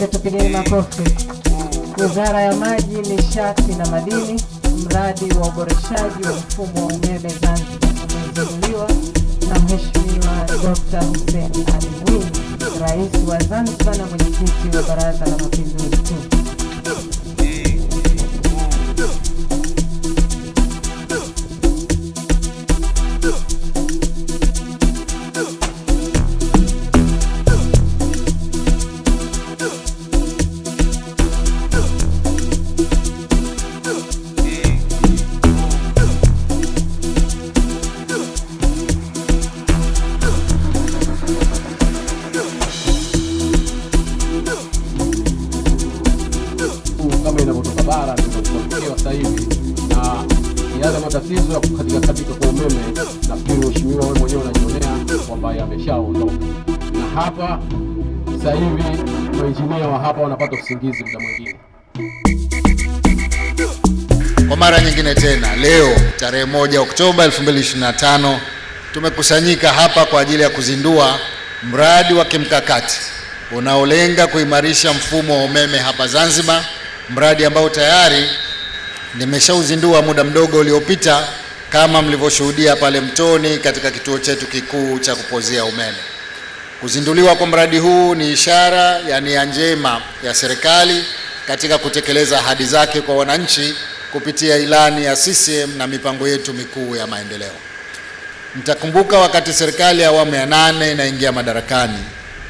wote tupigeni makofi. Wizara ya Maji, Nishati na Madini, mradi wa uboreshaji wa mfumo wa umeme Zanzibar umezinduliwa na Mheshimiwa d Hussein Ali Mwinyi, Rais wa Zanzibar na Mwenyekiti wa Baraza la Mapinduzi. barabara ndio tunafikia sasa hivi, na yale matatizo ya kukatika katika kwa umeme, nafikiri mheshimiwa wewe mwenyewe unajionea kwamba yameshaondoka, na hapa sasa hivi wainjinia wa hapa wanapata usingizi muda mwingine. Kwa mara nyingine tena leo tarehe moja Oktoba 2025 tumekusanyika hapa kwa ajili ya kuzindua mradi wa kimkakati unaolenga kuimarisha mfumo wa umeme hapa Zanzibar mradi ambao tayari nimeshauzindua muda mdogo uliopita kama mlivyoshuhudia pale Mtoni katika kituo chetu kikuu cha kupozea umeme. Kuzinduliwa kwa mradi huu ni ishara ya nia njema ya serikali katika kutekeleza ahadi zake kwa wananchi kupitia ilani ya CCM na mipango yetu mikuu ya maendeleo. Mtakumbuka wakati serikali ya awamu ya nane inaingia madarakani,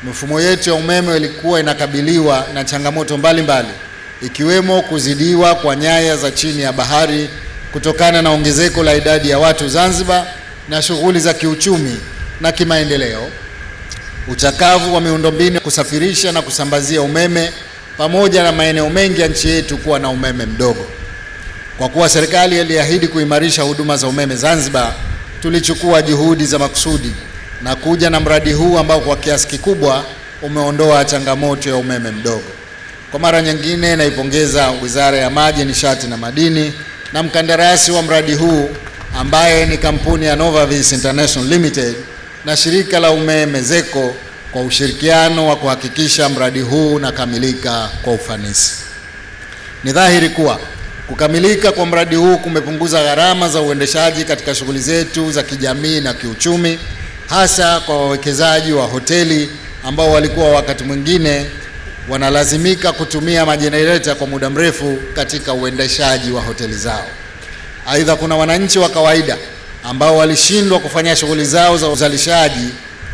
mifumo yetu ya umeme ilikuwa inakabiliwa na changamoto mbalimbali mbali ikiwemo kuzidiwa kwa nyaya za chini ya bahari kutokana na ongezeko la idadi ya watu Zanzibar na shughuli za kiuchumi na kimaendeleo, uchakavu wa miundombinu kusafirisha na kusambazia umeme, pamoja na maeneo mengi ya nchi yetu kuwa na umeme mdogo. Kwa kuwa serikali iliahidi kuimarisha huduma za umeme Zanzibar, tulichukua juhudi za makusudi na kuja na mradi huu ambao kwa kiasi kikubwa umeondoa changamoto ya umeme mdogo. Kwa mara nyingine, naipongeza Wizara ya Maji, Nishati na Madini na mkandarasi wa mradi huu ambaye ni kampuni ya Novavis International Limited na shirika la umeme ZECO kwa ushirikiano wa kuhakikisha mradi huu unakamilika kwa ufanisi. Ni dhahiri kuwa kukamilika kwa mradi huu kumepunguza gharama za uendeshaji katika shughuli zetu za kijamii na kiuchumi, hasa kwa wawekezaji wa hoteli ambao walikuwa wakati mwingine wanalazimika kutumia majenereta kwa muda mrefu katika uendeshaji wa hoteli zao. Aidha, kuna wananchi wa kawaida ambao walishindwa kufanya shughuli zao za uzalishaji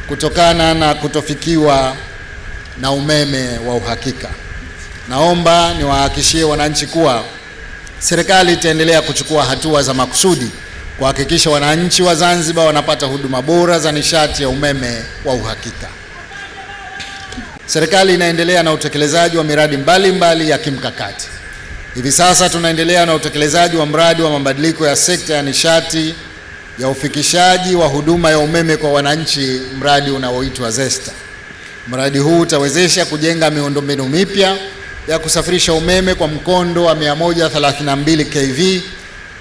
kutokana na kutofikiwa na umeme wa uhakika. Naomba niwahakishie wananchi kuwa serikali itaendelea kuchukua hatua za makusudi kuhakikisha wananchi wa Zanzibar wanapata huduma bora za nishati ya umeme wa uhakika. Serikali inaendelea na utekelezaji wa miradi mbalimbali mbali ya kimkakati. Hivi sasa tunaendelea na utekelezaji wa mradi wa mabadiliko ya sekta ya nishati ya ufikishaji wa huduma ya umeme kwa wananchi, mradi unaoitwa ZESTA. Mradi huu utawezesha kujenga miundombinu mipya ya kusafirisha umeme kwa mkondo wa 132 kV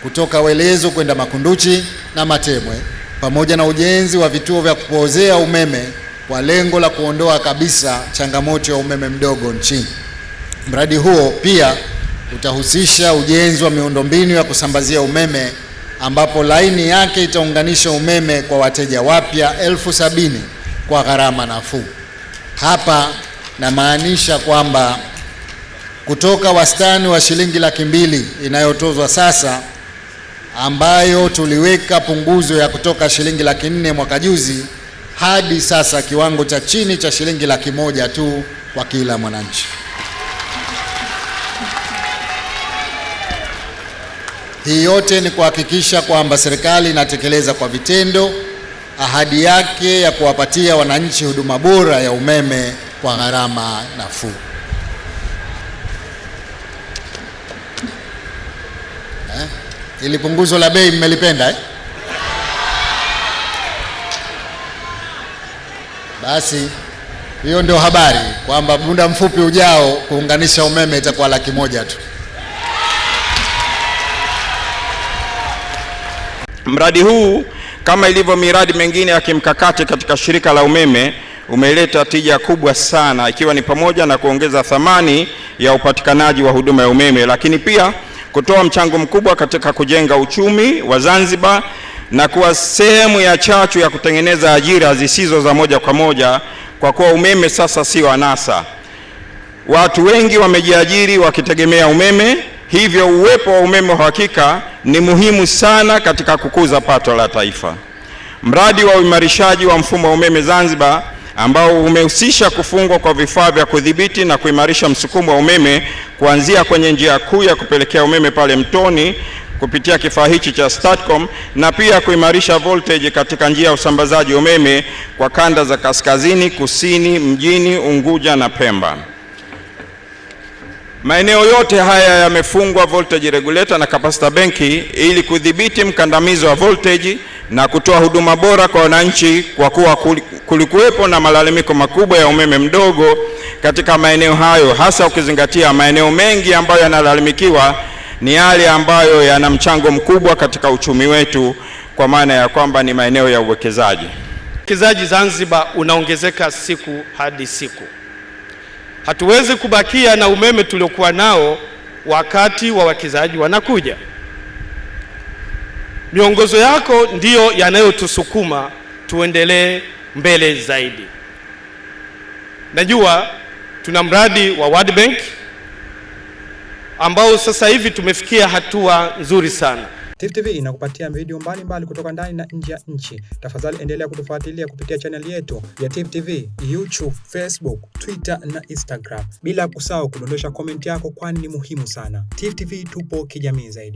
kutoka Welezo kwenda Makunduchi na Matemwe, pamoja na ujenzi wa vituo vya kupozea umeme kwa lengo la kuondoa kabisa changamoto ya umeme mdogo nchini. Mradi huo pia utahusisha ujenzi wa miundombinu ya kusambazia umeme ambapo laini yake itaunganisha umeme kwa wateja wapya elfu sabini kwa gharama nafuu. Hapa namaanisha kwamba kutoka wastani wa shilingi laki mbili inayotozwa sasa, ambayo tuliweka punguzo ya kutoka shilingi laki nne mwaka juzi hadi sasa kiwango cha chini cha shilingi laki moja tu kwa kila mwananchi. Hii yote ni kuhakikisha kwamba serikali inatekeleza kwa vitendo ahadi yake ya kuwapatia wananchi huduma bora ya umeme kwa gharama nafuu. Eh? Ili punguzo la bei mmelipenda eh? Basi hiyo ndio habari kwamba muda mfupi ujao kuunganisha umeme itakuwa laki moja tu. Mradi huu kama ilivyo miradi mengine ya kimkakati katika shirika la umeme umeleta tija kubwa sana, ikiwa ni pamoja na kuongeza thamani ya upatikanaji wa huduma ya umeme, lakini pia kutoa mchango mkubwa katika kujenga uchumi wa Zanzibar na kuwa sehemu ya chachu ya kutengeneza ajira zisizo za moja kwa moja, kwa kuwa umeme sasa sio anasa. Watu wengi wamejiajiri wakitegemea umeme, hivyo uwepo wa umeme wa hakika ni muhimu sana katika kukuza pato la taifa. Mradi wa uimarishaji wa mfumo wa umeme Zanzibar ambao umehusisha kufungwa kwa vifaa vya kudhibiti na kuimarisha msukumo wa umeme kuanzia kwenye njia kuu ya kupelekea umeme pale Mtoni kupitia kifaa hichi cha STATCOM na pia kuimarisha voltage katika njia ya usambazaji umeme kwa kanda za kaskazini, kusini, mjini, Unguja na Pemba. Maeneo yote haya yamefungwa voltage regulator na capacitor benki ili kudhibiti mkandamizo wa voltage na kutoa huduma bora kwa wananchi, kwa kuwa kulikuwepo na malalamiko makubwa ya umeme mdogo katika maeneo hayo, hasa ukizingatia maeneo mengi ambayo yanalalamikiwa ni yale ambayo yana mchango mkubwa katika uchumi wetu, kwa maana ya kwamba ni maeneo ya uwekezaji. Uwekezaji Zanzibar unaongezeka siku hadi siku. Hatuwezi kubakia na umeme tuliokuwa nao wakati wawekezaji wanakuja. Miongozo yako ndiyo yanayotusukuma tuendelee mbele zaidi. Najua tuna mradi wa World Bank ambao sasa hivi tumefikia hatua nzuri sana. Tifu TV inakupatia video mbalimbali kutoka ndani na nje ya nchi. Tafadhali endelea kutufuatilia kupitia chaneli yetu ya Tifu TV, YouTube, Facebook, Twitter na Instagram, bila kusahau kudondosha komenti yako, kwani ni muhimu sana. Tifu TV tupo kijamii zaidi.